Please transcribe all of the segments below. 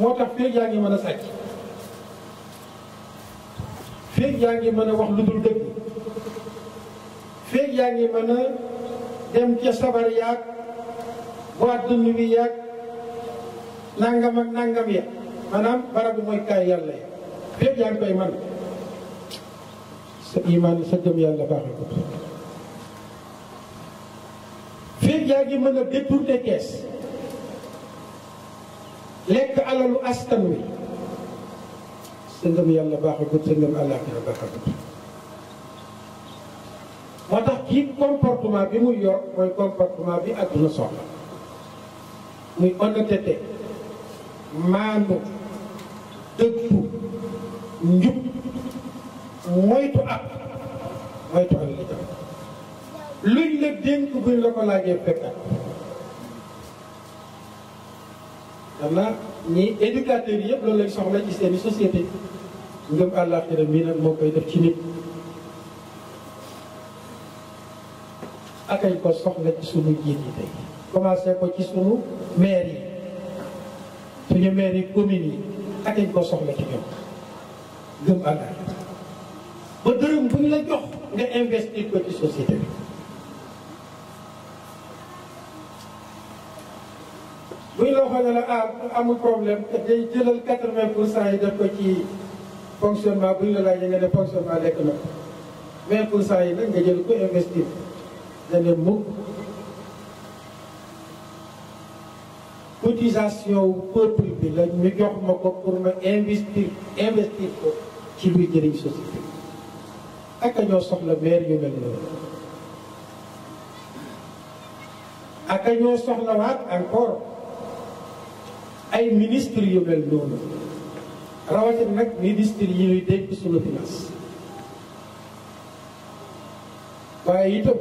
moo tax feeg yaa ngi mën a sàcc feeg yaa ngi mën a wax lu dul dëgg feeg yaa ngi mën a dem ca sabar yaag boîte de nuit yaag nangam ak nangam ya maanaam barabu mooy kaay yàlla ya feeg yaa ngi koy mën sa imaan sa gëm yàlla baaxee ko feeg yaa ngi mën a détourner kees lekk alalu askan wi sa ngëm yàlla baaxagut sa ngëm àllaaxira baaxagut moo tax kii comportement bi muy yor mooy comportement bi àdduna soxla muy honnêteté maandu dëggu njub moytu ak moytu ak li luñ la dénk la ko laajee fekkat xam naa ñi éducateurs yi yëpp loolu lañ soxla ci seen i société ngëm àllaaxira mii nag moo koy def ci nit akay ko soxla ci sunu jiit yi tey commencé ko ci sunu maire yi suñu maire yi communes yi akañ ko soxla ci ñoom gëm àllaaxira ba dërëm bu ñu la jox nga investir ko ci société bi buñ la xoolee ah, la amul problème te day jëlal quatre-vingts pour yi def ko ci fonctionnement buñ la laajee nga ne fonctionnement lekk na ko vingt pour yi nag nga jël ko investir da ne mukk cotisation wu bi la ñu jox ma ko pour ma investir investir ko ci luy jëriñ société ak ñoo soxla maire yu mel noonu ak ñoo soxla waat encore ay ministre yu noonu rawatina nag ministre yi ñuy dénk suñu finance waaye itam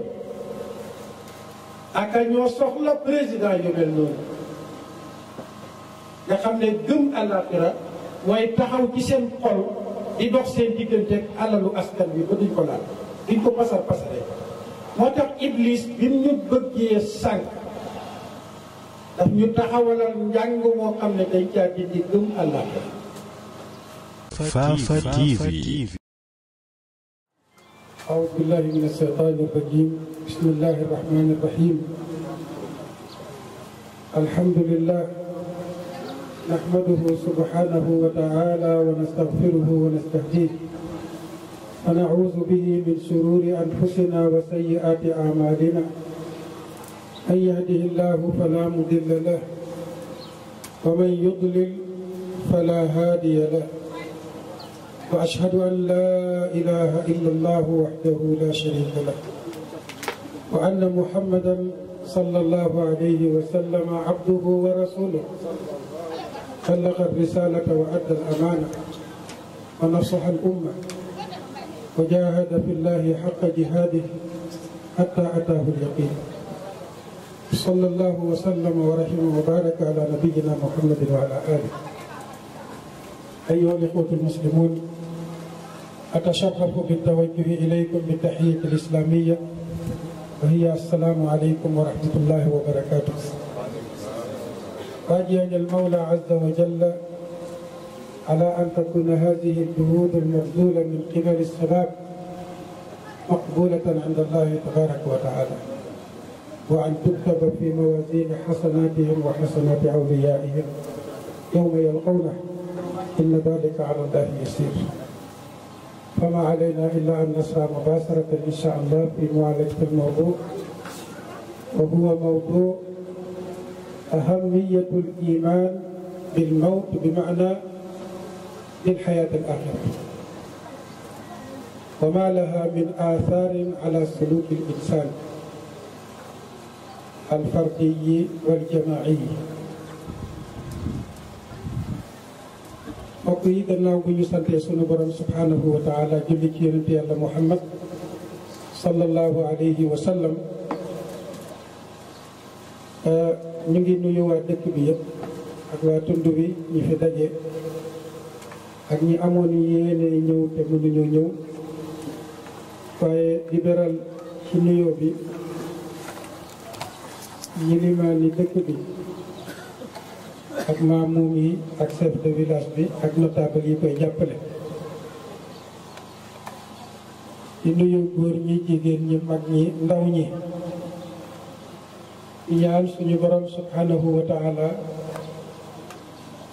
ak a ñoo soxla président yu noonu nga xam ne gëm àllaaxira waaye taxaw ci seen xol di dox seen diggante alalu askan bi ba duñ ko laal duñ ko pasar pasare moo tax iblis bi mu ñu bëggee sànq daf ñu taxawalal njàng moo xam ne day caa di gëm àllaa Fafa TV أعوذ بالله من الشيطان الرجيم بسم الله الرحمن الرحيم الحمد لله نحمده سبحانه وتعالى ونستغفره ونستهديه ونعوذ به من شرور أنفسنا وسيئات أعمالنا من يهده الله فلا مضل له ومن يضلل فلا هادي له وأشهد أن لا إله إلا الله وحده لا شريك له وأن محمدا صلى الله عليه وسلم عبده ورسوله بلغ الرسالة وأدى الأمانة ونصح الأمة وجاهد في الله حق جهاده حتى أتاه اليقين صلى الله وسلم ورحم وبارك على نبينا محمد وعلى آله أيها الإخوة المسلمون أتشرف بالتوجه إليكم بالتحية الإسلامية وهي السلام عليكم ورحمة الله وبركاته راجيا المولى عز وجل على أن تكون هذه الجهود المبذولة من قبل الشباب مقبولة عند الله تبارك وتعالى وأن تكتب في موازين حسناتهم وحسنات أوليائهم يوم يلقونه إن ذلك على الله يسير فما علينا إلا أن نسعى مباشرة إن شاء الله في معالجة الموضوع وهو موضوع أهمية الإيمان بالموت بمعنى للحياة الآخرة وما لها من آثار على سلوك الإنسان alfardiyi waljamaayi mbokk yi gannaaw bu ñu santee sunu borom subhanahu wa taala julli ci muhammad sallallahu alayhi wa ñu ngi nuyu waa dëkk bi yëpp ak waa tund bi ñi fi daje ak ñi amoon yéene ñëw te mënuñu ñëw waaye di beral ci nuyoo bi yilimaani dëkk bi ak maamuum yi ak chef de village bi ak notable yi koy jàppale di nuyu góor ñi jigéen ñi mag ñi ndaw ñi ñaan suñu borom subhanahu wa taala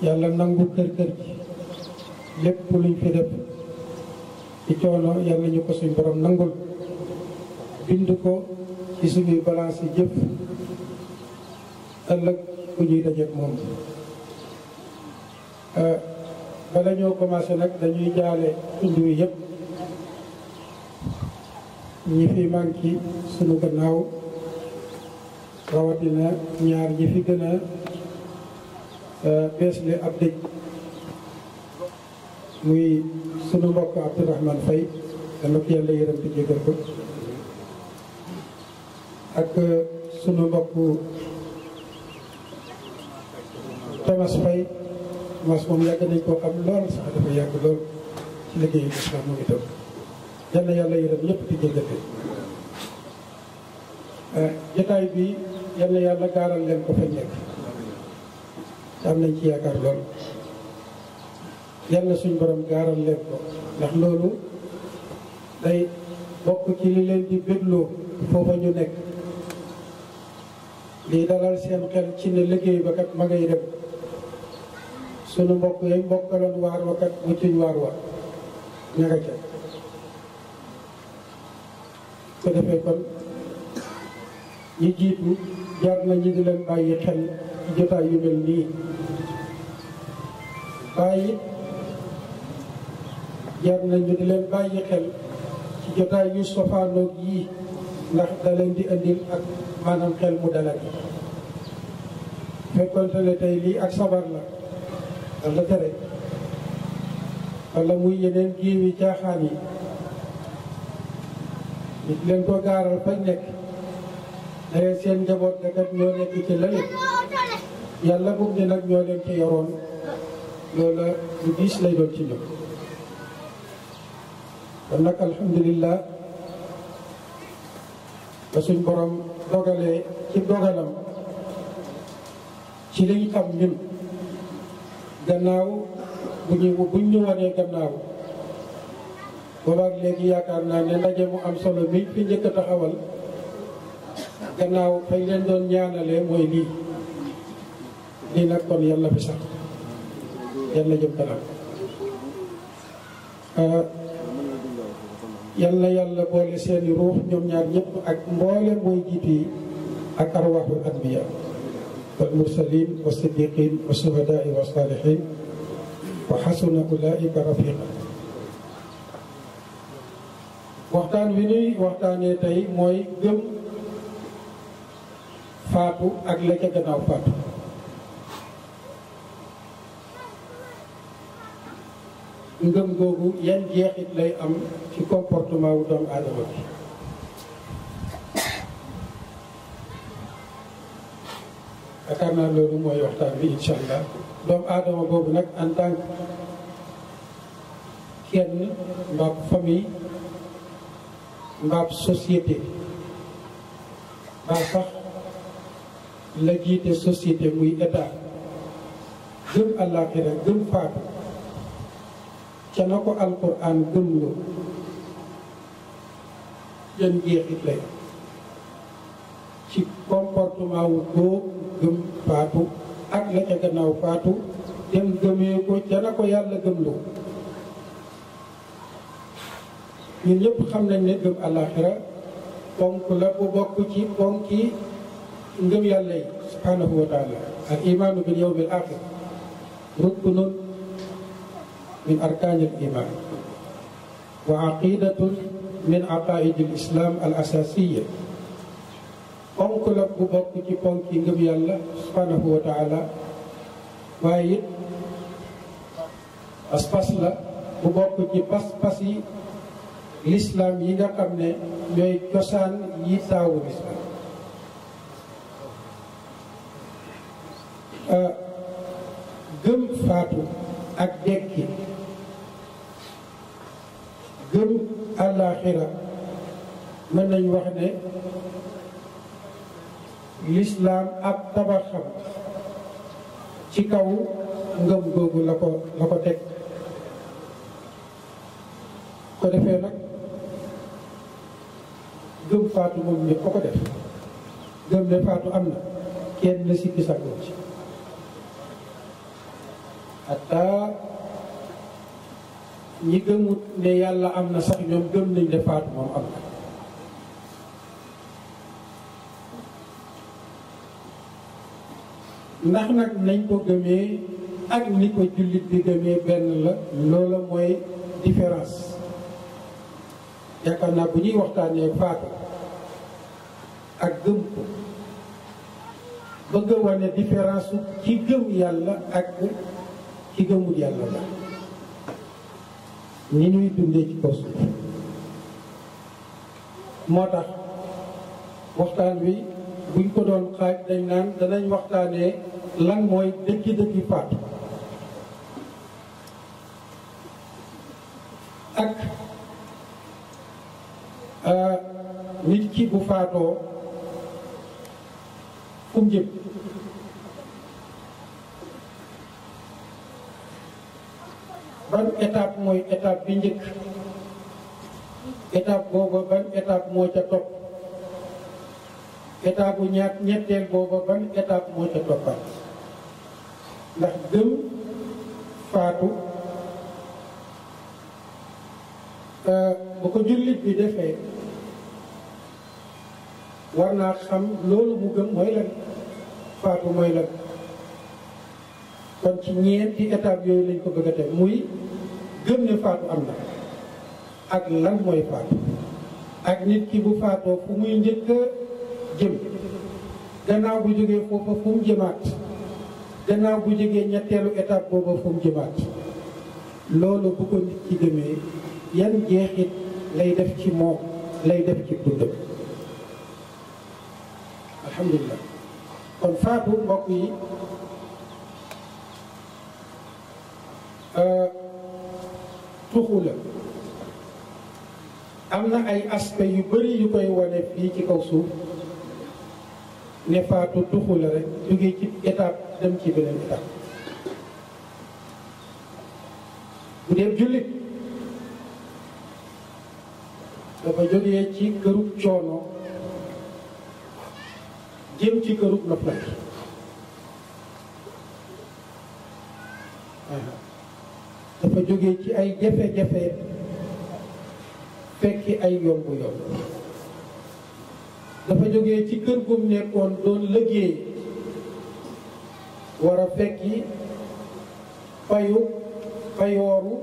yàlla nangu kër kër gi lépp luñ fi def ci coono yàlla ñu ko suñu borom nangul bind ko ci suñuy balance yi jëf ëllëg ku ñuy dajeeg moom euh, bala ñoo commencé nag dañuy jaale tund wi yëpp ñi fi manqué sunu gannaaw rawatina ñaar ñi fi gën a euh, beesle ab dëj muy sunu mbokk Abdourahmane Faye dana ko yàlla yërëm di jégal ko ak euh, sunu mbokk te mas fay mas moom yàgg nañ koo xam lool sax dafa yàgg lool ci liggéeyu islam moom itam yal na yàlla yërëm yépp di jégate eh, jotaay bi yal na yàlla gaaral leen ko ci yaakaar lool yal na suñ borom gaaral leen ko ndax loolu day bokk ci li leen di bégloo foofa ñu nekk lii dalal seen xel ci ne liggéey ba kat ma dem sunu mbokk yañ bokkaloon waar wa kat wuccuñ waar wa ña ca ko defee kon ñi jiitu jaar na ñi di leen bàyyi xel ci jotaay yu mel nii bàyyi jaar na di leen bàyyi xel ci jotaay yu sofaanoog yii ndax da di indil ak maanaam xel mu dalal fekkonte ne tey lii ak sabar la wala tere wala muy yeneen géew yi caaxaan yi nit leen ko gaaral fañ nekk dageen seen njaboot dakat nekk ci lale yàlla bum ne nag ñoo leen ci yoroon loola lu diis lay doon ci ñoom kon nag alhamdulillah ba suñ borom dogalee ci dogalam ci liñ xam ñun gannaaw bu ñu bu ñu wanee gannaaw boobaak léegi yaakaar naa ne ndaje mu am solo mi fi njëkk a taxawal gannaaw fañ leen doon ñaanale mooy lii lii nag kon yàlla fi sax yàlla jëm kanam ah, yàlla yàlla boole seeni ruux ñoom ñaar ñëpp ak mboole mooy jiit yi ak arwaxul anbiya والمرسلين والصديقين والشهداء والصالحين وحسن waxtaan wi ñuy waxtaanee tey mooy gëm faatu ak la ca gannaaw faatu ngëm googu yan jeexit lay am ci comportement wu doomu aadama bi yaakaar naa loolu mooy waxtaan bi incha allah doomu aadama boobu nag en tant que kenn mbaab famille mbaab société mbaa sax la jiite société muy état gëm àllaaxira gëm faatu ca na ko alquran gëm lu jën jeexit lay ci comportement wu góob gëm faatu ak la gannaaw faatu dem gëmee ko ca na ko yàlla gëmloo ñun ñëpp xam nañ ne gëm àllaaxira ponk la bu bokk ci ponk yi ngëm yàlla yi subhaanahu wa taala al imaanu bil yawmil aaxir min arkaanil imaan wa aqidatun min aqaaidil islaam al ponk la bu bokk ci ponk yi ngëm yàlla subhanahu wa taala waaye it la bu bokk ci pas-pas yi lislaam yi nga xam ne ñooy cosaan yi taawu lislaam euh, gëm faatu ak dekki gëm àllaaxira mën nañ wax ne lislaam ab tabaxam ci kaw ngëm googu la ko la ko teg ko defee nag gëm faatu moom ñëpp ko ko def gëm ne faatu am na kenn na sikki sàkku ci hatta ñi gëmut ne yàlla am na sax ñoom gëm nañ ne faatu moom am na ndax nag nañ ko gëmee ak ni ko jullit bi gëmee benn la loola mooy différence yaakaar naa bu ñuy waxtaanee faatu ak gëm ko bëgg a wane différence ci gëm yàlla ak ci gëmul yàlla la ni ñuy dundee ci kaw moo tax waxtaan wi buñ ko doon xaaj dañ naan danañ waxtaanee lan mooy dëgg-dëgg faatu ak euh, nit ki bu faatoo fu mu ban étape mooy étape bi njëkk étape booba ban étape moo ca topp étape bu ñetteel booba ban étape moo ca toppaat ndax gëm faatu bu ko jullit bi defee war naa xam loolu mu gëm mooy lan faatu mooy lan kon ci ñeenti étape yooyu lañ ko bëgg a teg muy gëm ne faatu am na ak lan mooy faatu ak nit ki bu faatoo fu muy njëkk jëm gannaaw bu jógee foofa fu jëmaat gannaaw bu jógee ñetteelu étape boobu fu mu jëmaat loolu bu ko nit ci demee yan jeexit lay def ci moom lay def ci dundam alhamdulilah kon faatu mbokk yi euh, tuxu la am na ay aspect yu bari yu koy wane fii ci kaw suuf ne faatu tuxu la rek ci étape dem ci beneen étape bu dee jullit dafa jógee ci kërug coono jëm ci kërug noflaay dafa jóge ci ay jafe-jafe fekki ay yomb-yomb dafa jógee ci kër gum nekkoon doon liggéey war a fekki fayu fayooru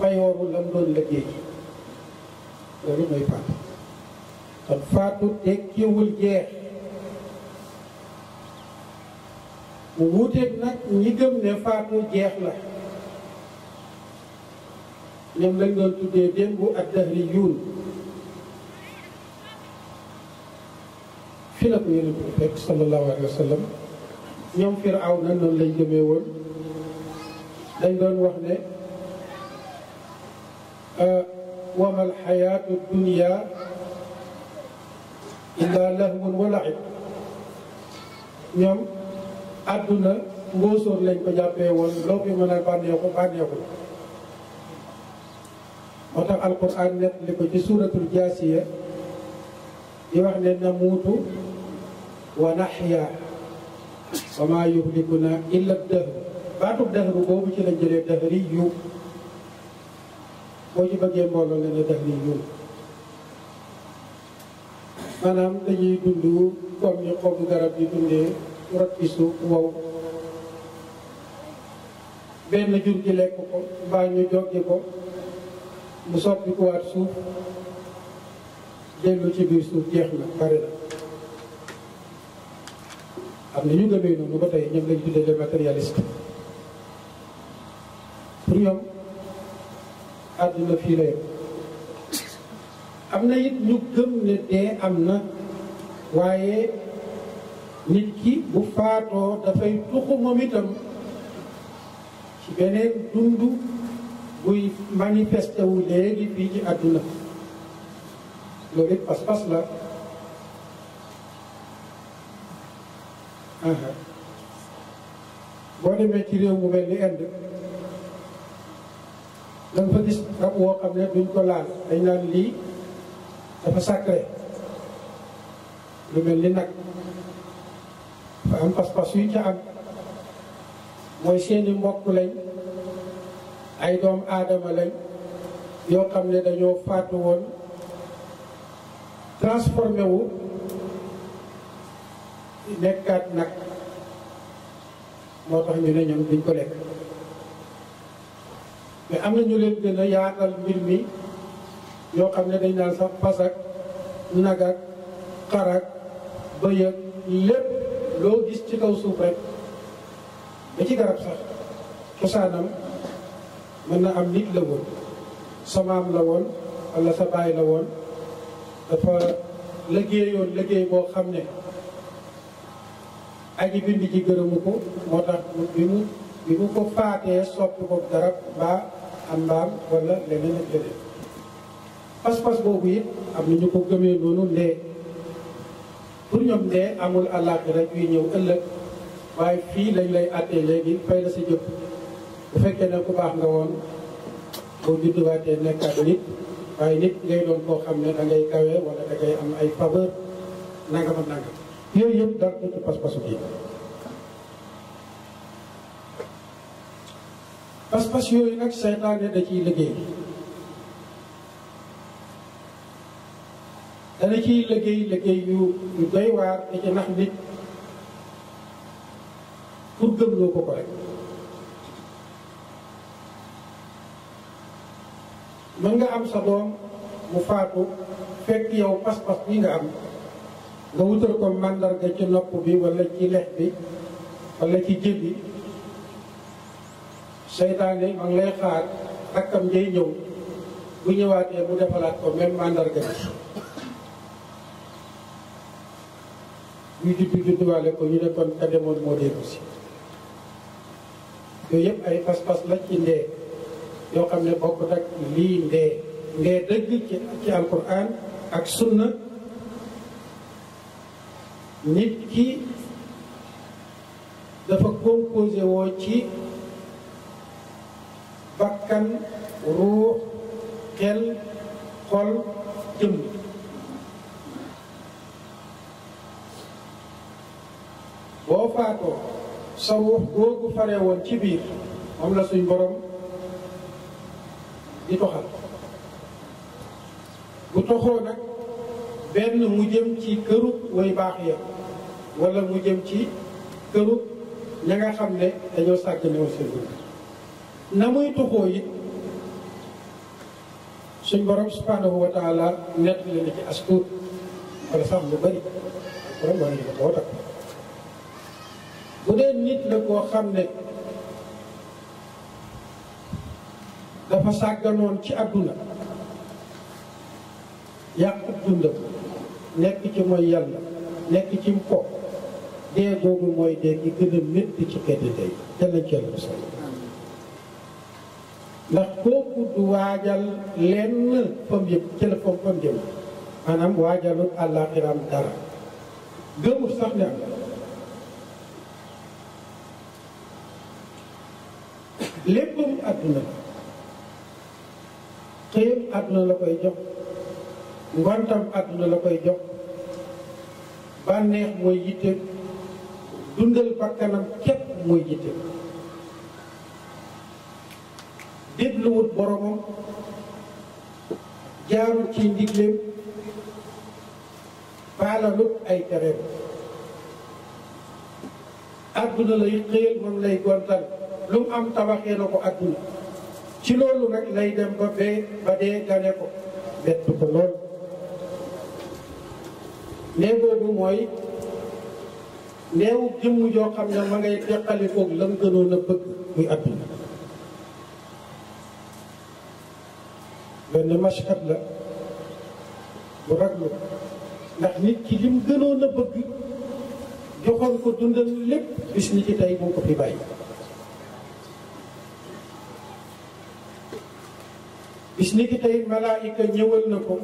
fayooru la doon liggéey loolu mooy faatu kon faatu jeex mu wuuteeg nag ñi gëm ne faatu jeex la ñoom dañ doon tuddee démb ak dahri yuun fi la ko yële bu fekk sallallahu alayhi wa ñoom firaw na noonu lañ gëmee woon dañ doon wax ne euh, wamal xayaatu dunia illa lahwun wa laib ñoom àdduna mbóosóor lañ ko jàppee woon loo fi mën a bànneexu bànneexu moo tax alquran net li ko ci suuratul jaasiya di wax ne namuutu wa naxyaa wa maa yuhlikuna illa dahr baatub dahr boobu ci lañ jëlee dahri yu boo ci bëggee mbooloo nga ne dahri yu maanaam dañuy dund comme ni xobu garab yi dundee rot ci suuf wow benn jur lekk ko mbaa ñu joggi ko mu soppi kuwaat suuf dellu ci biir suuf jeex na pare na am na ñu gëmee ñu ba tey ñoom lañu tuddee les matérialistes pour àdduna fii am na it ñu gëm ne dee am na waaye nit ki bu faatoo dafay tuxu itam ci beneen dund buy manifesté léegi fii ci àdduna loolu it pas-pas la Uh-huh. boo demee ci réew mu mel ni Inde danga fa gis rab woo xam ne duñ ko laal dañ naan lii dafa sacré lu mel ni nag fa am pas-pas yu ca am mooy seeni mbokk lañ ay doom aadama lañ yoo xam ne dañoo faatu woon transformé nekkaat nag moo tax ñu ne ñoom duñ ko lekk mais am na ñu leen gën a yaatal mbir mi ñoo xam ne dañ naan sax pasak nagak xarak bëyëg lépp loo gis ci kaw suuf rek ba ci garab sax cosaanam mën na am nit la woon sa la woon wala sa baay la woon dafa liggéeyoon liggéey boo xam ne aji bind ji gërëmu ko moo tax bi mu bi mu ko faatee soppi ko garab mbaa am mbaam wala leneen ak leneen pas-pas boobu it am na ñu ko gëmee noonu ndee pour ñoom ndee amul àllaaxira yuy ñëw ëllëg waaye fii lañ lay àttee léegi fay la sa jëpp bu fekkee ne ku baax nga woon boo judduwaatee nekkaat nit waaye nit ngay doon koo xam ne dangay ngay kawee wala da am ay faveur nangam ak nangam yooyu yëpp dara du ci pas-pasu pas-pas yooyu nag seytaane da ciy liggéey dana ciy liggéey liggéey yu yu doy waar di ci nax nit pour gëmloo ko ko rek mën nga am sa doom mu faatu fekk yow pas-pas bi nga am nga wutal ko màndarga ci nopp bi wala ci lex bi wala ci jëb bi seytaane ma ngi xaar takkam jay ñëw bu ñëwaatee mu defalaat ko même màndarga bi ñu juddu judduwaale ko ñu ne kon ka moo dégg si yooyu yëpp ay pas-pas la ci ndee yoo xam ne bokkut ak lii ndee ndee dëgg ci ci alquran ak sunna nit ki dafa composé woo ci bakkan ruux xel xol jëm boo faatoo sa ruux googu faree ci biir moom la suñ boroom di toxal bu toxoo nag benn mu jëm ci këru way baax ya wala mu jëm ci këru ña nga xam ne dañoo sàggane woon seen dund na muy tuxoo it suñ borom subhanahu wa taala nett ci askur wala sax lu bëri borom war nit la koo xam ne dafa sàgganoon ci àdduna yàq dundam nekk ci mooy yàlla nekk ci mu dee googu mooy dee gi gën a métti ci xeeti tey dana jël mosal ndax kooku du waajal lenn fam yëpp jël fam fam jëm maanaam waajalul àllaaxiram dara gëmul sax ne am léppam àdduna la xëyam àdduna la koy jox ngontam àdduna la koy jox bànneex mooy yitteem dundal bakkanam képp mooy jiite dégluwut boromam jaarul ci ndigleem baalalut ay tereem àdduna lay xëyal moom lay gontal lu mu am tabaxee na ko àdduna ci loolu nag lay dem ba bee ba dee gane ko bett ko lool ne boobu mooy néew jëmm joo xam ne ma ngay teqali foog la mu gënoon a bëgg muy àdduna benn maskat la bu raglu ndax nit ki lim gënoon a bëgg joxoon ko dundal lépp bis ni ci tey moo ko bàyyi bis ni ki tey malaayika ñëwal na ko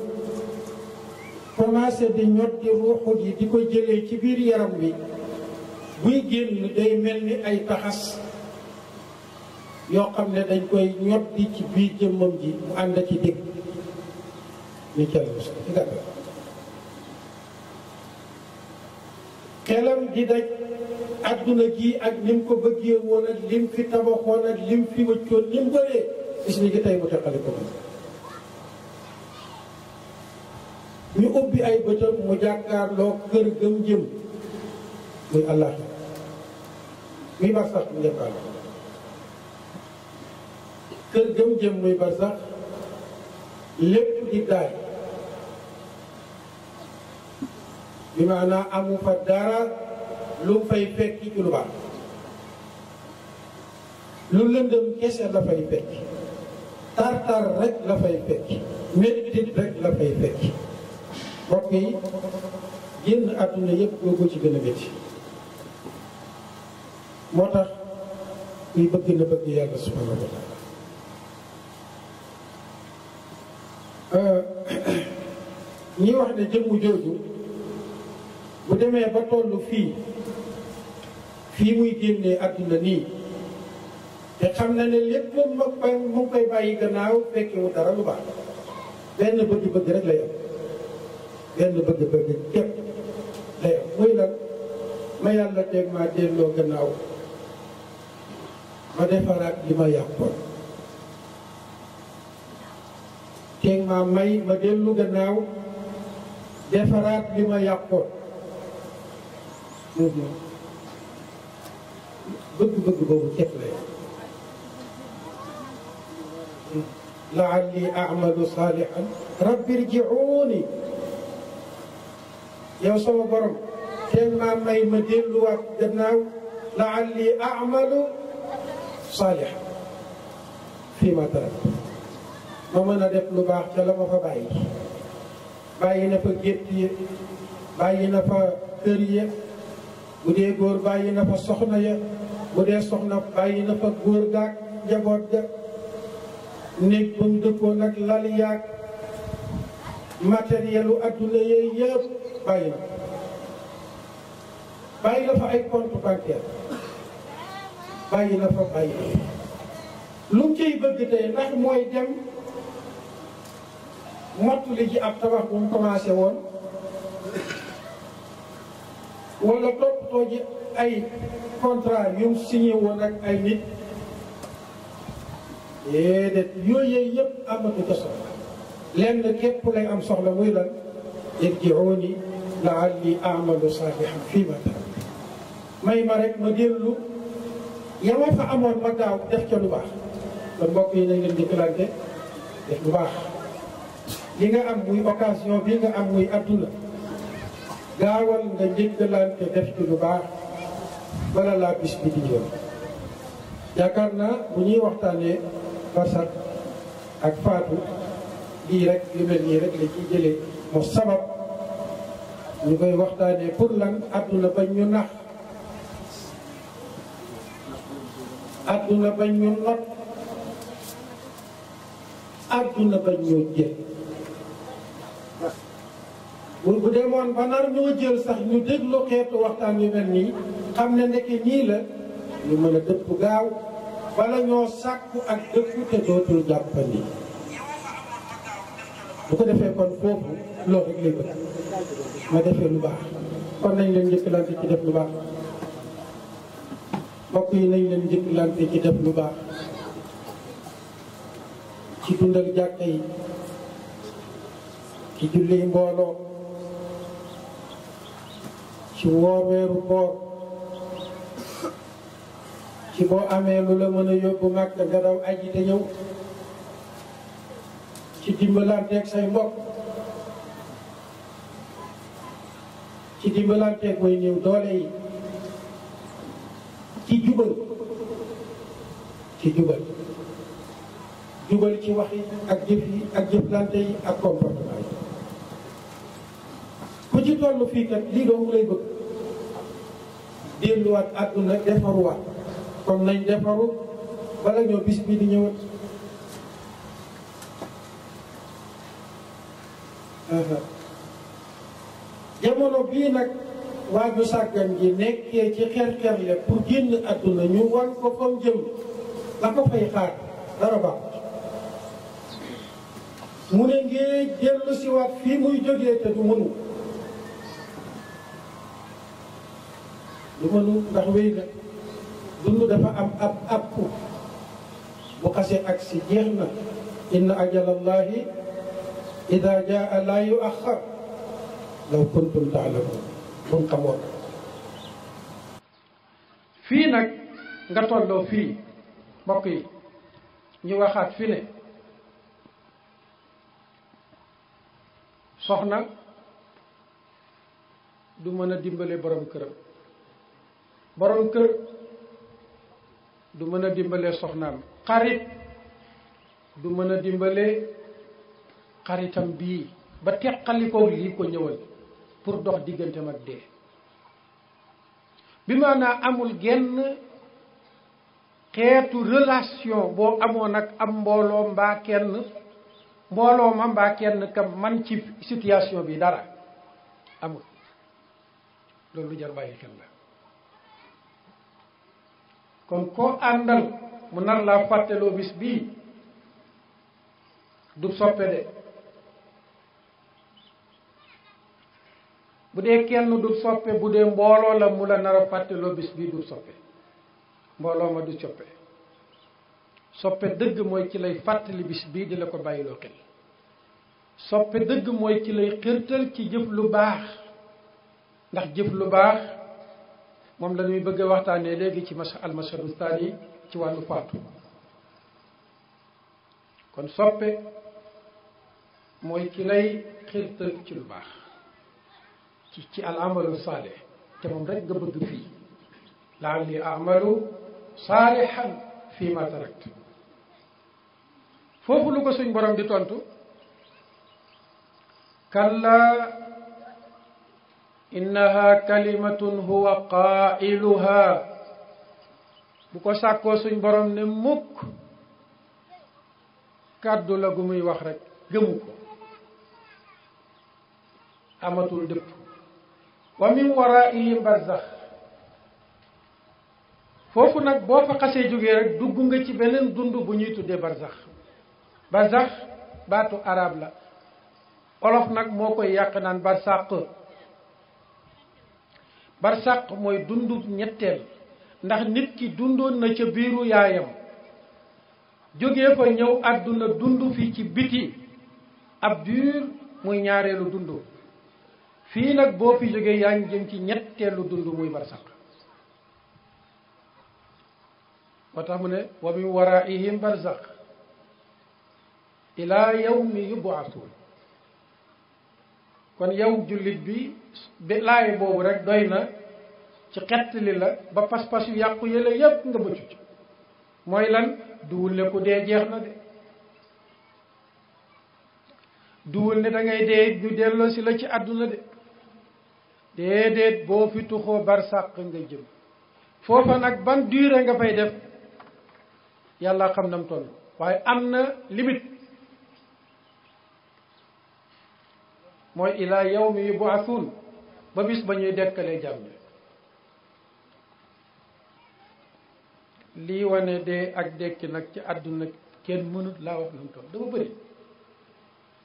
commencé di ñot ruuxut yi di ko jëlee ci biir yaram wi buy génn day mel ni ay paxas yoo xam ne dañ koy ñoddi ci biir jëmmam ji mu ànd ci dégg ñu calus ci gàtt xelam di daj adduna gi ak lim ko bëggee woon ak lim fi tabaxoon ak lim fi wëccoon lim bëree gis ni ki tey mu teqale ko ñu ubbi ay bëtam mu jàkkaarloo kër gëm jëm muy allah muy barsax ngeen kër gëm jëm muy barsax lépp di daay bi maanaam amu fa dara lu mu fay fekki ci lu baax lu la fay fekki tartar rek la fay fekki mettit rek la fay fekki mbokk yi génn àdduna yëpp googu ci gën a moo tax kii bëgg na bëgg yàlla subhanahu wa taala euh, wax ne jëmmu bu demee ba tollu fii fii muy génnee àdduna nii te xam na ne lépp mu mu koy bàyyi gannaaw fekkewu dara lu baax benn bëgg-bëgg rek la yor benn bëgg-bëgg képp la yor muy lan ma yàlla teg maa delloo gannaaw ma defaraat li ma yàqoon te ma may ma dellu gannaaw defaraat li ma yàqoon moom bëgg-bëgg boobu teg la laalli amalu saalihan rabbi rjiuuni yow sama borom te ma may ma delluwaat gannaaw laalli amalu saaliha fii ma tarak mën a def lu baax ca la ma fa bàyyi bàyyi na fa gétt yi bàyyi na fa kër ya bu dee góor bàyyi na fa soxna ya bu dee soxna bàyyi na fa góor gaak njaboot ga néeg bu mu dëkkoon ak lal yaag matériel u adduna yëpp bàyyi na bàyyi na ay compte bancaire bàyyi na fa bàyyi lu mu ciy bëgg tey ndax mooy dem mottali ci ab tabax bu mu commencé woon wala toppatoo ji ay contrat yu mu signé woon ay nit déedéet yooyu yëpp amatu ko soxla lenn képp lay am soxla muy lan irji'uuni la'allii a'malu saalihan fiimaa may ma rek ma dellu yow ma fa amoon ma daaw def ca lu baax kon mbokk yi nañ leen jëkkalante def lu baax li nga am muy occasion bi nga am muy adduna gaawal nga jëkkalante def ci lu baax bala laa bis bi di ñëw yaakaar naa bu ñuy waxtaanee barsat ak faatu lii rek li mel nii rek la ciy jëlee moo sabab ñu koy waxtaanee pour lan adduna bañ ñu nax àdduna bañ ñu not àdduna bañ ñoo jël bu demoon ba nar ñoo jël sax ñu déglu xeetu waxtaan yu mel nii xam ne nekk nii la ñu mën a dëpp gaaw bala ñoo sàkku ak dëpp te dootul jàppandi bu ko defee kon foofu loo rek lay ma defee lu baax kon nañ leen njëkkalante ci def lu baax mbokk yi nañ leen jëkkalante ci def lu baax ci dundal jàkka yi ci julli mbooloo ci woor weeru ci boo amee lu la mën a yóbbu Màkka garaw aji te ñëw ci dimbalanteeg say mbokk ci dimbalanteeg mooy néew doole yi ci jubal ci jubal jubal ci wax yi ak jëf yi ak jëflante yi ak ku ci toll fii kat lii doomu lay bëgg delluwaat àdduna defaruwaat kon nañ defaru bala ñoo bis bi di ñëwat jamono bii nag waaju sàggan ji nekkee ci xer-xerle pour génn àdduna ñu wan ko comme jëm la ko fay xaar dara baax mu ne ngee dellu si waat fii muy jógee te du mënu du mënu ndax wéy na dund dafa am ab àpp bu xasee ak si jeex na inna ajalallaahi ida jaa laa yu axar law kuntum taalamun loolu fii nag nga tolloo fii mbokk yi ñu waxaat fi ne soxna du mën a dimbale borom këram borom kër du mën a dimbale soxnaam xarit du mën a dimbale xaritam bii ba teqalikoo lii ko ñëwal pour dox digganteem ak dee bi maanaa amul genn xeetu relation boo amoon ak am mbooloo mbaa kenn mbooloo ma mbaa kenn kam man ci situation bi dara amul loolu jar bàyyi xel la kon koo àndal mu nar laa fàtteloo bis bii du soppe de bu dee kenn du soppe bu dee mbooloo la mu la nar a bis bii du soppe mbooloo ma du soppe soppe dëgg mooy ci lay fàttali bis bii di la ko bàyyiloo xel soppe dëgg mooy ci lay xirtal ci jëf lu baax ndax jëf lu baax moom la ñuy bëgg a waxtaanee léegi ci mas almasadu taani ci wàllu faatu kon soppe mooy ci lay xirtal ci lu baax ci ci al amalu saalih te moom rek nga bëgg fii laalli amalu saalihan fii ma tarakt foofu lu ko suñ borom di tontu kalla innaha kalimatun huwa qailuha bu ko sàkkoo suñ borom ne mukk kàddu la gu muy wax rek gëmu ko amatul wa min waraihim barzax foofu nag boo fa xasee jógee rek dugg nga ci beneen dund bu ñuy tuddee barzax barzax baatu araab la olof nag moo koy yàq naan barsàq barsàq mooy dundu ñetteel ndax nit ki dundoon na ca biiru yaayam jóge fa ñëw àdduna dund fii ci biti ab diir muy ñaareelu dund fii nag boo fi jógee yaa ngi jëm ci ñetteelu dund muy barsaq moo tax mu ne wa min waraihim barzaq ila yawmi yubaasuun kon yow jullit bi bi laay boobu rek doy na ci xettali la ba pas-pas yu yàqu yële yépp nga bëccu ci mooy lan duwul ne ku dee jeex na de duwul ne da ngay dee ñu delloo la ci àdduna de déedéet boo fi tuxoo barsàq nga jëm foofa nag ban durée nga fay def yàlla xam na mu toll waaye am na limite mooy ilaa yawmi yubaasuun ba bis ba ñuy dekkalee jàmm lii wane dee ak dekki nag ci àdduna kenn mënut laa wax na mu toll dafa bëri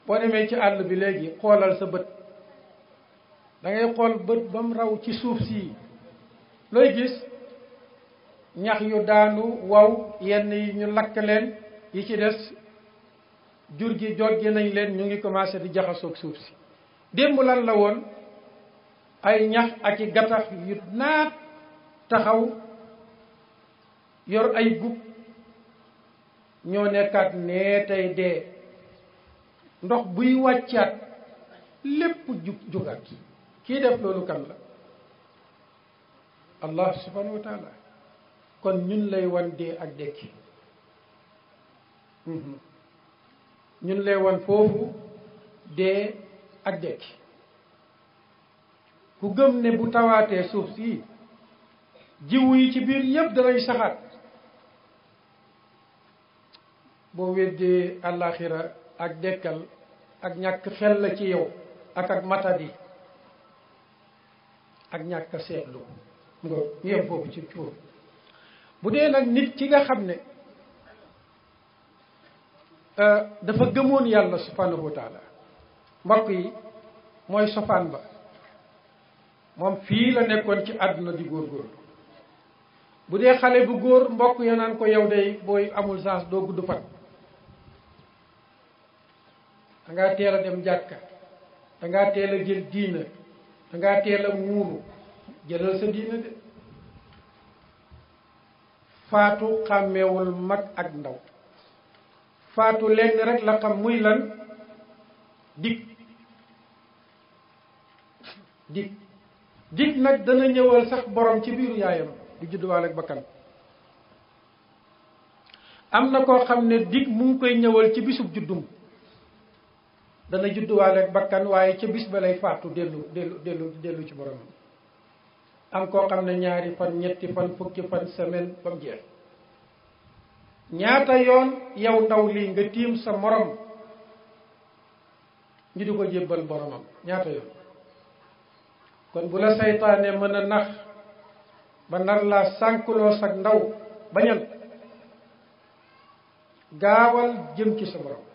boo demee ci àll bi léegi xoolal sa bët da ngay xool bët ba mu raw ci suuf si looy gis ñax yu daanu waw yenn yi ñu lakk leen yi ci des jur gi joggi nañ leen ñu ngi commencé di jaxasoog suuf si démb lan la woon ay ñax ak i gattax yu naat taxaw yor ay gub ñoo nekkaat nee tey dee ndox buy wàccaat lépp jug jugaat kii def loolu kan la allah subhanahu wa kon ñun lay wan dee ak dekki mhm. ñun lay wan foofu dee ak dekki ku gëm ne bu tawaatee suuf si jiwu yi ci biir yépp danay saxaat boo weddee àllaaxira ak dekkal ak ñàkk xel la ci yow ak ak matadi ak ñàkk a seetlu nga yem foofu ci cuur bu dee nag nit ki nga xam ne euh, dafa gëmoon yàlla subhanahu wa taala mbokk yi mooy sofaan ba moom fii la nekkoon ci àdduna di góorgóorlu bu dee xale bu góor mbokk ya naan ko yow day booy amul chance doo gudd fan da ngaa teel a dem jàkka da ngaa teel a jël diina da ngaa teel muuru jëlal sa diina de faatu xàmmewul mag ak ndaw faatu lenn rek la xam muy lan dig dig dig nag dana ñëwal sax borom ci biiru yaayam di judduwaale ak bakkan am na koo xam ne dig mu ngi koy ñëwal ci bisub juddum dana judduwaale ak bakkan waaye ca bis ba lay faatu dellu dellu dellu dellu ci boromam am koo xam ne ñaari fan ñetti fan fukki fan semaine ba jeex ñaata yoon yow ndaw lii nga tiim sa morom ñu di ko jébbal boromam ñaata yoon kon bu la saytaane mën a nax ba nar laa sànkuloo ak ndaw bañal gaawal jëm ci sa borom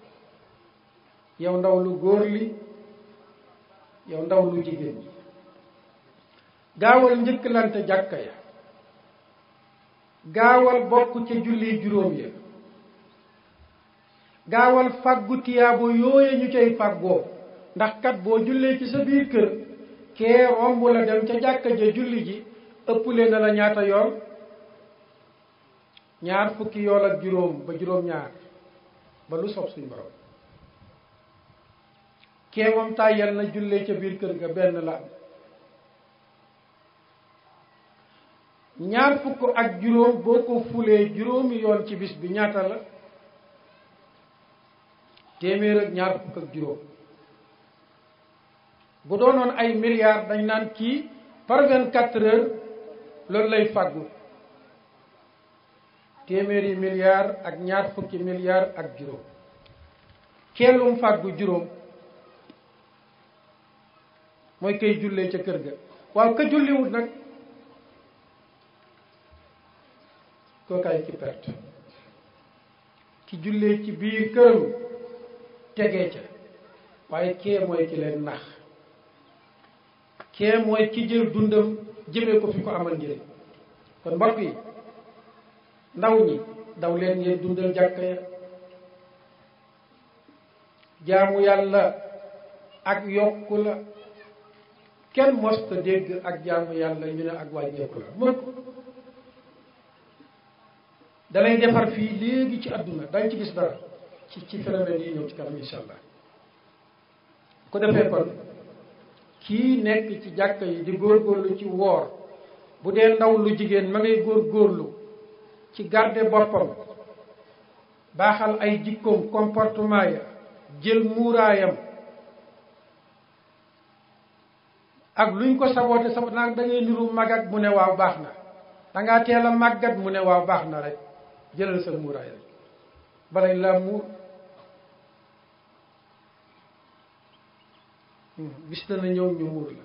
yow ndaw lu góor li yow ndaw lu jigéen ñi gaawal njëkkalante jàkka ya gaawal bokk ca julli juróom ya gaawal fàggu tiyaabo yooye ñu cay fàggoo ndax kat boo jullee ci sa biir kër kee romb la dem ca jàkka ja julli ji ëpple na la ñaata yoon ñaar fukki yoon ak juróom ba juróom ñaar ba lu sob suñu borom kee moom tàyyal na jullee ca biir kër nga benn la ñaar fukk ak juróom boo ko fulee juróomi yoon ci bis bi ñaata la téeméer ak ñaar fukk ak juróom bu doonoon ay milliards dañ naan kii par vingt quatre heures loolu lay fàggu téeméeri milliards ak ñaar fukki milliards ak juróom keelum fàggu juróom mooy kay jullee ca kër ga waaw ka julliwut nag kookaay ki perte ki jullee ci biir këram tegee ca waaye kee mooy ki leen nax kee mooy ki jël dundam jëmee ko fi ko amal njëriñ kon mbokk ndaw ñi daw leen ngeen dundal jàkka ya jaamu yàlla ak yokku la kenn mosta dégg ak jaamu yàlla ñu ne ak wàññeeku la mukk dalay defar fii léegi ci àdduna dañ ci gis dara ci ci phénomène yi ñëw ci kanam insha allah defee kon kii nekk ci jàkka yi di góorgóorlu ci woor bu dee ndaw lu jigéen ma ngay góorlu ci garder boppam baaxal ay jikkoom comportement ya jël muuraayam ak luñ ko saboote saboote nag da ngay niru magat mu ne waaw baax na da ngaa teel mu ne waaw baax na rek jëlal sa muuraay rek balañ laa muur bis dana ñëw ñu muur la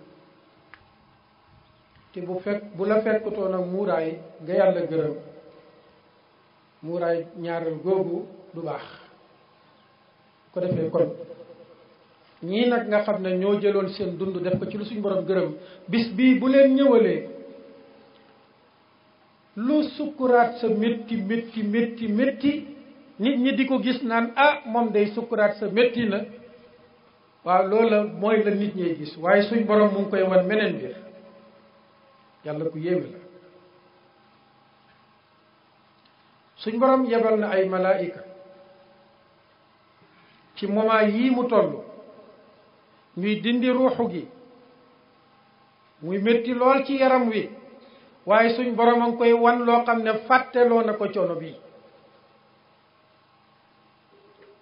te bu fekk bu la fekkutoon ak muuraay nga yàlla gërëm muuraay ñaaral googu du baax ko defee kon ñii nag nga xam ne ñoo jëloon seen dund def ko ci lu suñ borom gërëm bis bii bu leen ñëwalee lu sukkuraat sa métti métti métti métti nit ñi di ko gis naan ah moom day sukkuraat sa metti na waa loola mooy la nit ñee gis waaye suñ borom mu ngi koy wan meneen bi yàlla ku yéeme la suñ borom yebal na ay malaayika ci moment yii mu toll ñuy dindi ruuxu gi muy métti lool ci yaram wi waaye suñ borom a ngi koy wan loo xam ne fàtteloo na ko coono bi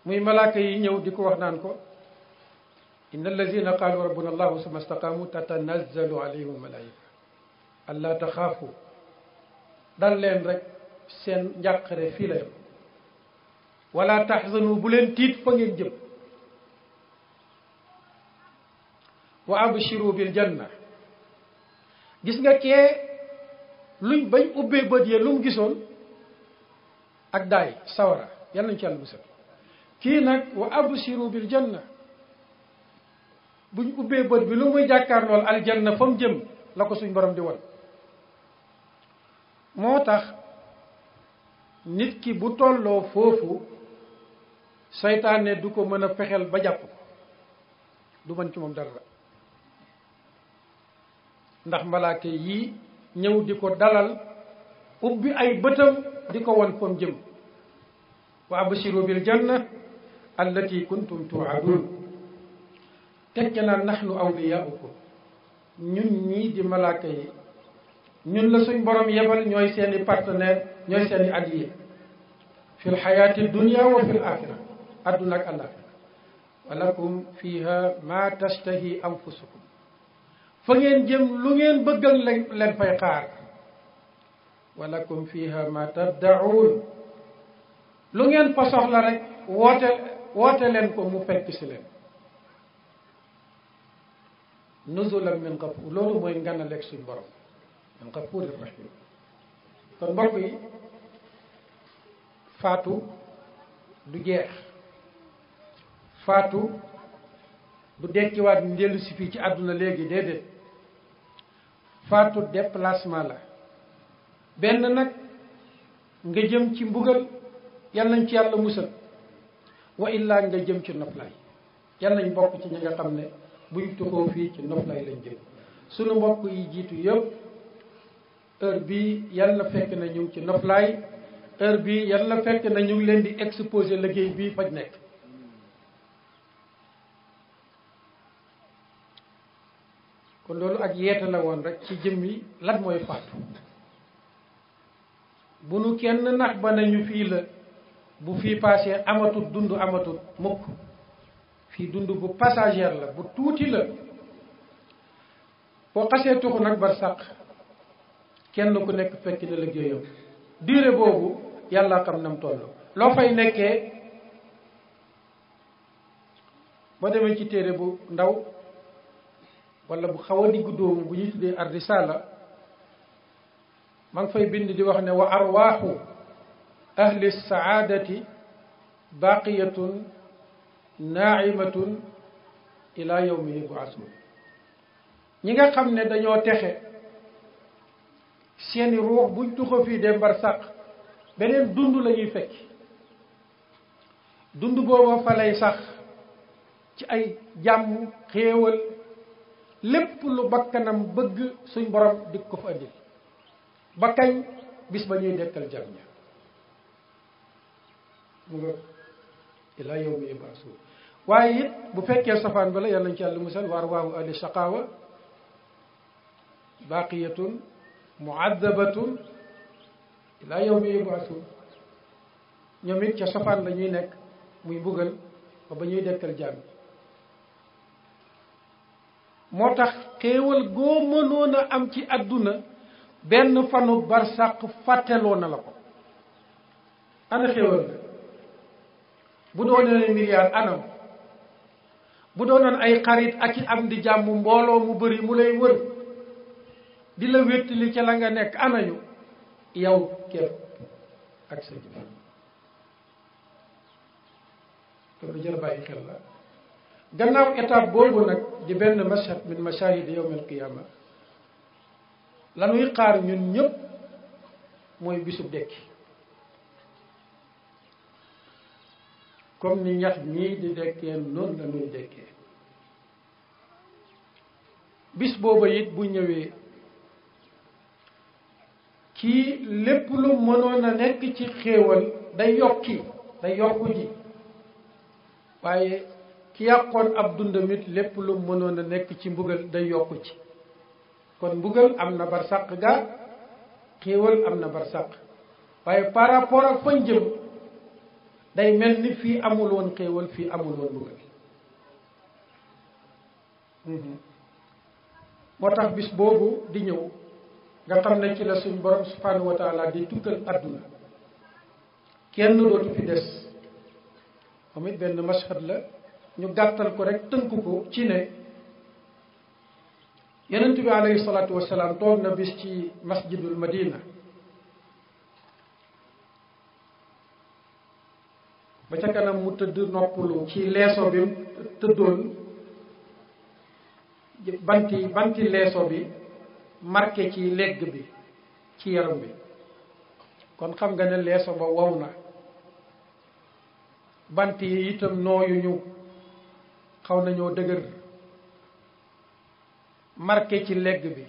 muy malaaka yi ñëw di ko wax ko inna allazina qaalu rabbuna allahu summa istaqaamu tatanazzalu alayhim malaayika allah taxaafu dal leen rek seen njàqare fii la yam wala taxzanu bu tiit fa ngeen wa abshiru bil janna gis nga kee luñ bañ ubbee bët yee lu mu gisoon ak daay sawara yal nañu ci yàlla musal kii nag wa abshiru bil janna buñ ubbee bët bi lu muy jàkkaar lool aljanna fa mu jëm la ko suñ borom di won moo tax nit ki bu tolloo foofu seytaane du ko mën a fexeel ba jàpp ko du mën ci moom dara ndax malaake yi ñëw di ko dalal ubbi ay bëtam di ko won fam jëm wa abshiru bi janna allati kuntum tuadun tekke naa nahnu awliyaukum ñun ñii di malaaka yi ñun la suñ borom yebal ñooy seeni partenaire ñooy seeni allié fi lxayaati dunia wa fi l axira adduna wa lakum fiha ma tashtahi anfusukum fa ngeen jëm lu ngeen bëggal leen fay xaar koom lakum fiha ma taddaun lu ngeen fa soxla rek woote woote leen ko mu fekk si leen nuzulan min gafuur loolu mooy nganaleeg suñ borom min gafuuri rahim kon mbokk yi faatu du jeex faatu du dekkiwaat ndellu si fii ci àdduna léegi déedéet faatu déplacement la benn nag nga jëm ci mbugal yal nañ ci yàlla musal wa illaa nga jëm ci noflaay yal nañ bokk ci ñi nga xam ne buñ tuxoo ci noflaay lañ jëm sunu mbokk yi jiitu yëpp heure bii yàlla fekk na ñu ngi ci noflaay heure bii yàlla fekk na ñu ngi leen di exposé liggéey bii faj nekk loolu ak yeete la woon rek ci jëmmi lan mooy faatu bu nu kenn nax ba nañu fii la bu fi passé amatut dund amatut mukk fii dund bu passagère la bu tuuti la boo xasee tuxu nag ba sàq kenn ku nekk fekk na liggéeyam diire boobu yàlla xam nam toll loo fay nekkee boo demee ci téere bu ndaw wala bu xaw a diggu dóomu bu ñu tuddee ar risala ma ngi fay bind di wax ne wa arwaaxu ahli saadati baqiyatun naimatun ila yawmi yub'asun ñi nga xam ne dañoo texe seeni ruux buñ tuxa fii dem barsàq beneen dund la fekk dund booba fa sax ci ay jàmm xéewal lépp lu bakkanam bëgg suñ borom dik ko fa ba bis ba ñuy dekkal jam ña mu nga ilaa yow waaye bu fekkee safaan ba la yàlla nañ ci yàlla musal waar waawu ali shaqaawa baqiyatun muadabatun ilaa yow mi ibasu ñoom it ca safaan la ñuy nekk muy mbugal ba ba ñuy dekkal jam moo tax xéewal goo mënoon a am ci àdduna benn fanu barsàq fàtteloo na la ko ana xéewal bu doonoon milliard anam bu doonoon ay xarit ak i am di jàmm mbooloo mu bari mu lay wër di la wéttali la nga nekk yu yow képp ak sa jëf loolu bàyyi xel la gannaaw étape boobu nag di benn mashhad min mashahid yawm al qiyama la ñuy xaar ñun ñëpp mooy bisub dekki comme ni ñax ñii di dekkee noonu la dekkee bis booba it bu ñëwee kii lépp lu mënoon a nekk ci xéewal day yokki day yokku waaye ki yàqoon ab dundamit lépp lu mënoon a nekk ci mbugal day yokku ci kon mbugal am na barsàq ga xéewal am na barsàq waaye par rapport ak fañ jëm day mel ni fii amul woon xéewal fii amul woon mbugal mm-hmm. moo tax bis boobu di ñëw nga xam ne ci la suñ borom subhanahu wa di tukkal adduna kenn dootu fi des moom it benn mashhad la ñu gàttal ko rekk tënk ko ci ne yonent bi alayhi salaatu wasalaam toog na bis ci masjidul madina ba ca kanam mu tëdd noppalu ci leeso bi tëddoon banti banti leeso bi marqué ci legg bi ci yaram bi kon xam nga ne leeso ba wow na bant yi itam nooyuñu xaw nañoo dëgër marqué ci legg bi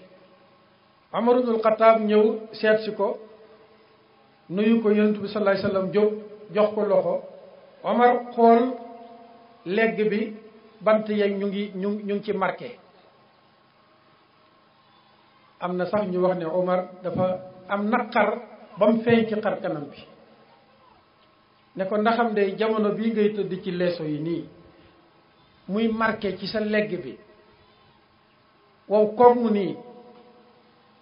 Umar ibnul Xataab ñëw seetsi ko nuyu ko yonent bi sallallahu alayhi wasallam jóg jox ko loxo Umar xool legg bi bant yeeg ñu ngi ñu ñu ngi ci marke am na sax ñu wax ne Umar dafa am naqar ba bam feeñ ci xar kanam bi ne ko ndaxam de jamono bii ngay tëdd ci leeso yi nii muy marqué ci sa legg bi wow koŋŋ nii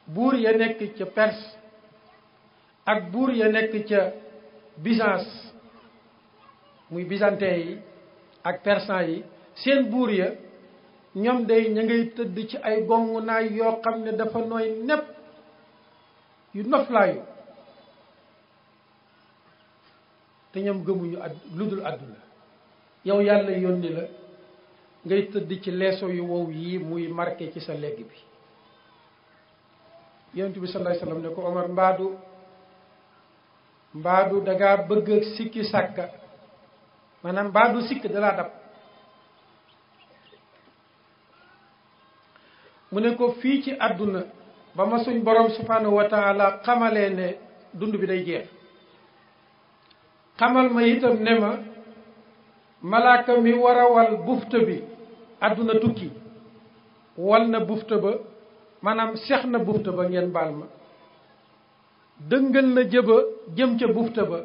buur ya nekk ca Perse ak buur ya nekk ca Byzance muy bisante yi ak persan yi seen buur ya ñoom day ña ngay tëdd ci ay gongu yoo xam ne dafa nooy nepp yu noflaayu te ñoom gëmuñu lu dul àdduna yow yàlla yónni la ngay tëdd ci leeso yu wow yii muy marqué ci sa legg bi yonent bi sallallahu alayhi wasallam ne ko Omar mbaadu mbaadu dangaa bëgg sikki sàkka maanaam mbaadu sikk dalaa dab mu ne ko fii ci àdduna ba ma suñ borom subhanahu wa taala xamalee ne dund bi day jeex xamal ma itam ne ma malaaka mi warawal bufta bi àdduna tukki wal na bufta ba maanaam sex na bufta ba ngeen baal ma dëngal na jëba jëm ca bufta ba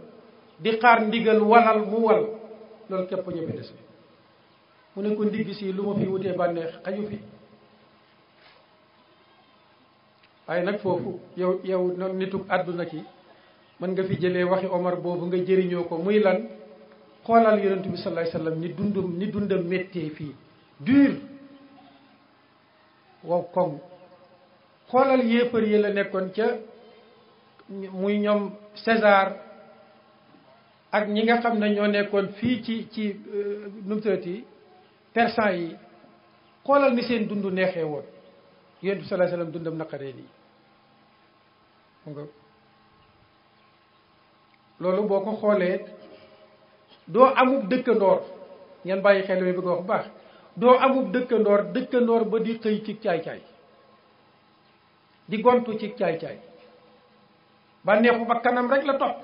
di xaar ndigal walal mu wal loolu képp ñëpp des bi mu ne ko ndigg si lu ma fi wutee bànneex xaju fi waaye nag foofu yow yow noonu nituk àdduna ki mën nga fi jëlee waxi Omar boobu nga jëriñoo ko muy lan xoolal yonent bi sallallahu alayhi wasallam ni dundum ni dundam méttee fii diir wow koŋ xoolal yéefar yi la nekkoon ca muy ñoom César ak ñi nga xam ne ñoo nekkoon fii ci ci euh, numtrat yi persan yi xoolal ni seen dund neexee woon yonent bi sallallahu alayhi wasallam dundam naqaree nii nga loolu boo ko xoolee doo amub dëkkandoor ngeen bàyyi xel bi bëgg wax bu baax doo amub dëkkandoor dëkkandoor ba di xëy ci caay-caay di gontu ci caay-caay ba neexu ba kanam rek la topp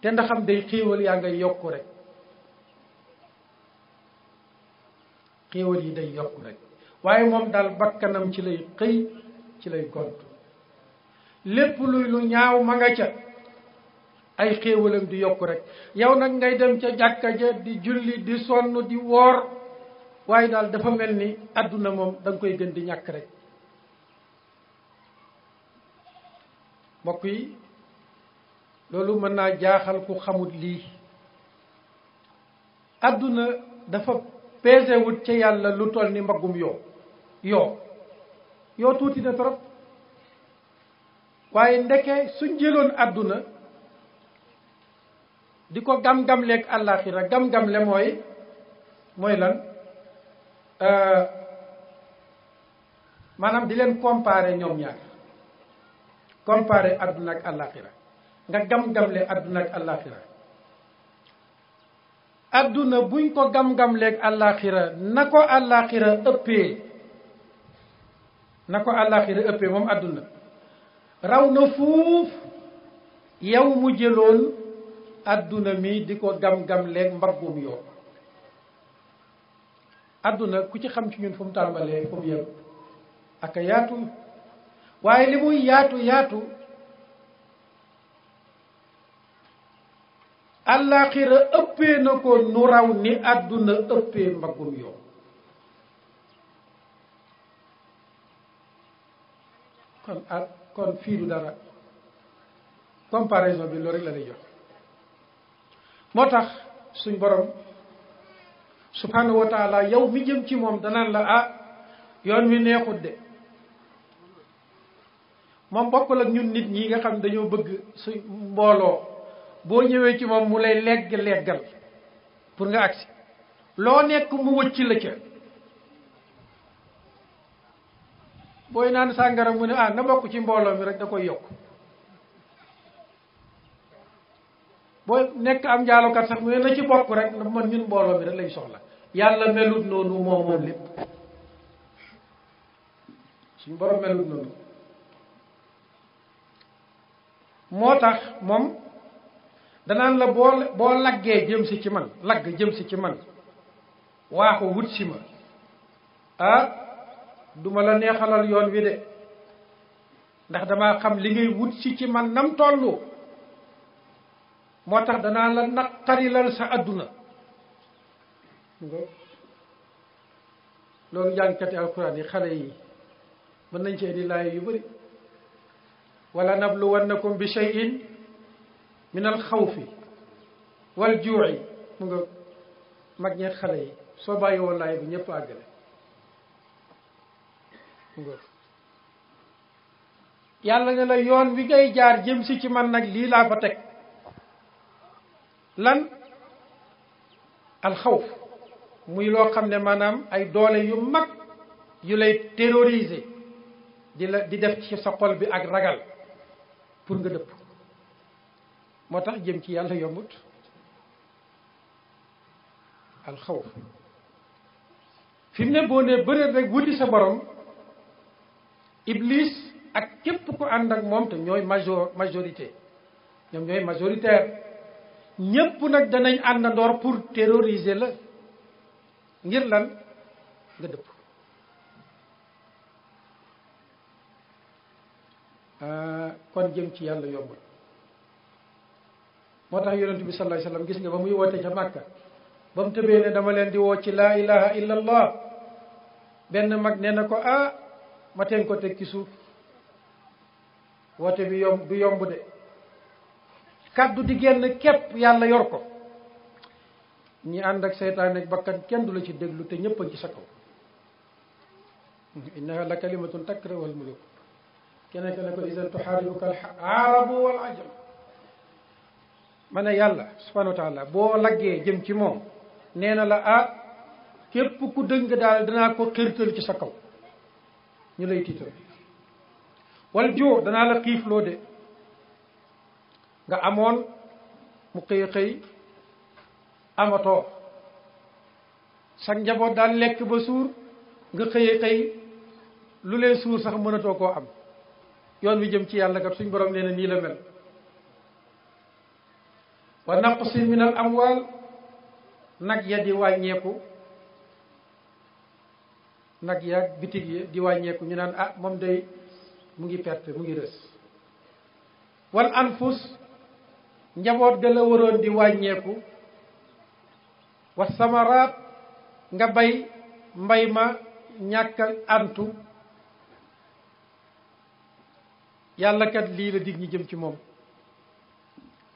te ndaxam day xéewal yaa ngay yokku rek xéewal yi day yokku rek waaye moom daal bakkanam ci lay xëy ci lay gontu lépp luy lu ñaaw ma nga ca ay xéewalam di yokk rekk yow nag ngay dem ca jàkka ja di julli di sonn di woor waaye daal dafa mel ni àdduna moom danga koy gën di ñàkk rek mbokk yi loolu mën naa jaaxal ku xamut lii àdduna dafa peese wut ca yàlla lu toll ni mbaggum yoo yoo yoo tuuti na trop waaye ndeke suñ jëloon àdduna di ko gam-gam leeg àllaaxira gam-gam le mooy mooy lan euh, maanaam di leen compare ñoom ñaar comparer àdduna ak àllaaxira nga gam-gam le àdduna ak àllaaxira àdduna buñ ko gam-gam leeg àllaaxira na ko àllaaxira ëppee na ko àllaaxira ëppee moom àdduna raw na fuuf yow mu jëloon adduna mi di ko gam-gam leeg mbar yoon adduna ku ci xam ci ñun fu mu tàmbalee fu yem ak a yaatu waaye li muy yaatu yaatu àllaaxira ëppee na ko nu raw ni àdduna ëppee mbaggum yoon kon a kon fii du dara comparaison bi loolu rek la lay jox moo tax suñ borom subhanahu wa taala yow mi jëm ci moom danaan la ah yoon wi neexut de moom bokkul ak ñun nit ñi nga xam dañoo bëgg suñ mbooloo boo ñëwee ci moom mu lay legg leggal pour nga agsi loo nekk mu wëcc la ca booy naan sàngara mu ne ah na bokk ci mbooloo mi rek da koy yokk ko nekk am njaalokat sax mu ne na ci bokk rek ndax man ñun mbooloo mi rek lañ soxla yàlla melut noonu moom lépp suñ borom melut noonu moo tax moom danaan la boo boo laggee jëm ci man lagg jëm si ci man waaxu wut si ma ah duma la neexalal yoon wi de ndax dama xam li ngay wut si ci man nam tollu moo tax danaa la naqarilal sa adduna loolu jàngkati alquran xale yi mën nañ ci indi laay yu bëri wala nabluwannakum bi shay'in min al xawfi wal juu'i mu nga mag ñeet xale yi soo bàyyi woon laay bi ñëpp àggale mu nga yàlla ne la yoon bi ngay jaar jëm si ci man nag lii laa fa teg lan alxawf muy loo xam ne maanaam ay doole yu mag yu lay terroriser di di def ci sa xol bi ak ragal pour nga dëpp moo tax jëm ci yàlla yombut alxawf fi mu ne boo nee bëreet rek wuti sa borom iblis ak képp ku ànd ak moom te ñooy major majorité ñoom ñooy majoritaire ñépp nag danañ door pour terroriser la ngir lan nga dëpp euh, kon jëm ci yàlla yombul moo tax yonent bi sallallahu alayhi wasallam gis nga ba muy woote ca Màkka ba mu tëbee ne dama leen di woo ci laa ilaha illa benn mag nee na ko ah ma teen ko teg ci suuf bi yomb du yomb de kaddu di génn képp yàlla yor ko ñi ànd ak seytaane ak bakkan kenn du la ci déglu te ñëpp a ci sa kaw innaha la kalimatun takrahu al muluk keneen ke ne ko isan tuxaaribuka al arabu yàlla subhanahu wa boo laggee jëm ci moom nee na la ah képp ku dëng daal danaa ko xirtal ci sa kaw ñu lay tiital wal danaa la xiifloo de nga amoon mu xëy xëy amatoo sa njaboot daal lekk ba suur nga xëy xëy lu leen suur sax mënatoo koo am yoon wi jëm ci yàlla kat suñ boroom nee na nii la mel wa naqsin min al amwal nag ya di wàññeeku nag ya bitig ya di wàññeeku ñu naan ah moom day mu ngi perte mu ngi des wal anfus njaboot ga la waroon di wàññeeku wa samaraat nga bay mbay ma ñàkk antu yàlla kat lii la dig ñi jëm ci moom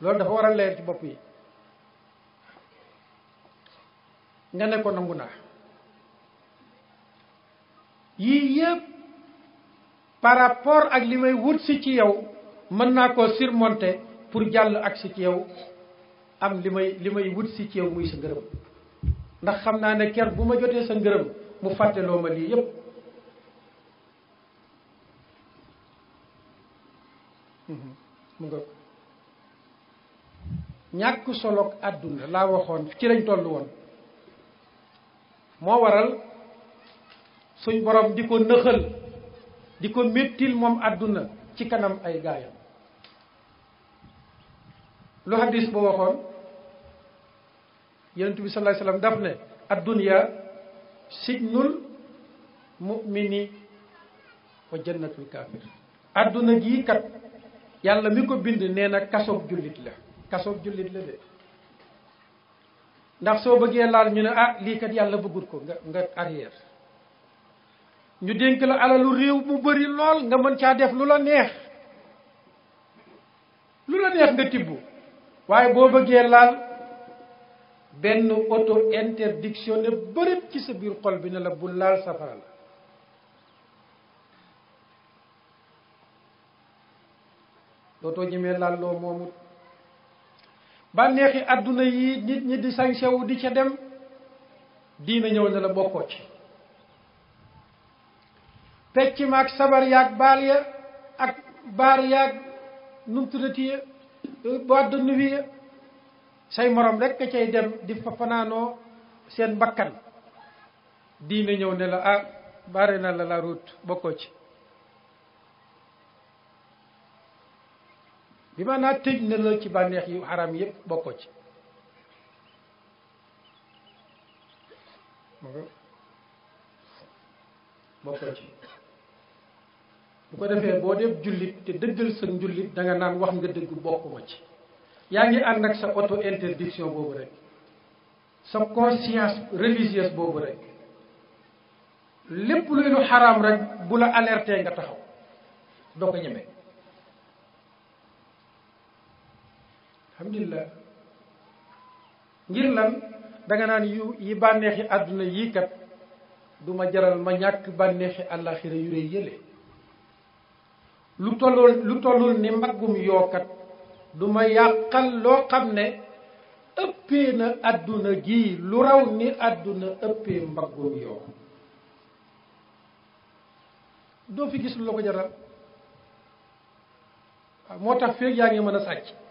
loolu dafa war a leer ci bopp yi nga ne ko nangu naa yii yëpp par ak li may wut si ci yow mën naa koo surmonter pour jàll ak si ci am li may li may wut si ci yow muy sa ngërëm ndax xam naa ne ker bu ma jotee sa ngërëm mu fàtteloo looma lii yépp mhm. mu nga ñàkk soloog àdduna laa waxoon ci lañ toll woon moo waral suñ boroom di ko nëxal di ko méttil moom àdduna ci kanam ay gaayam lu hadis ba waxoon yonent bi sallallahu alayhi wasallam daf ne addunya sijnul mu'mini wa jannatul kaafir adduna gii kat yàlla mi ko bind nee na kasoog jullit la kasoog jullit la de ndax soo bëggee laal ñu ne ah lii kat yàlla bëggut ko nga nga arrière ñu dénk la alalu réew mu bari lool nga mën caa def lu la neex lu la neex nga tibb waaye boo bëggee laal benn auto interdiction bërëb ci sa biir xol bi ne la bu laal safara la dootoo ñemee laal loo moomut bànneexi àdduna yi nit ñi di sañsewu di ca dem diina ñëw ne la bokkoo ci pecc maag sabar yaag baal ya ak baar yaag boîte de nuit say morom rek ka dem di fa fanaanoo seen bakkan diine ñëw ne la ah bare na la la route bokkoo ci bi maanaa tëj na la ci bànneex yu xaram yëpp bokkoo ci bokkoo ci bu ko defee boo def jullit te dëggal sa njullit da nga naan wax nga dëgg bokkuma ci yaa ngi ànd ak sa auto interdiction boobu rek sa conscience religieuse boobu rek lépp luy lu xaraam rek bu la alerte nga taxaw doo ko ñeme alhamdulilah ngir lan danga naan yu yi bànneexi àdduna yii kat du ma jaral ma ñàkk bànneexi àllaaxira yu rëy yële lu tollul lu tollul ni mbaggum yookat du ma yàqal loo xam ne ëppee na àdduna gii lu raw ni àdduna ëppee mbaggum yoo doo fi gis lu la ko jaral moo tax feeg yaa ngi mën a sàcc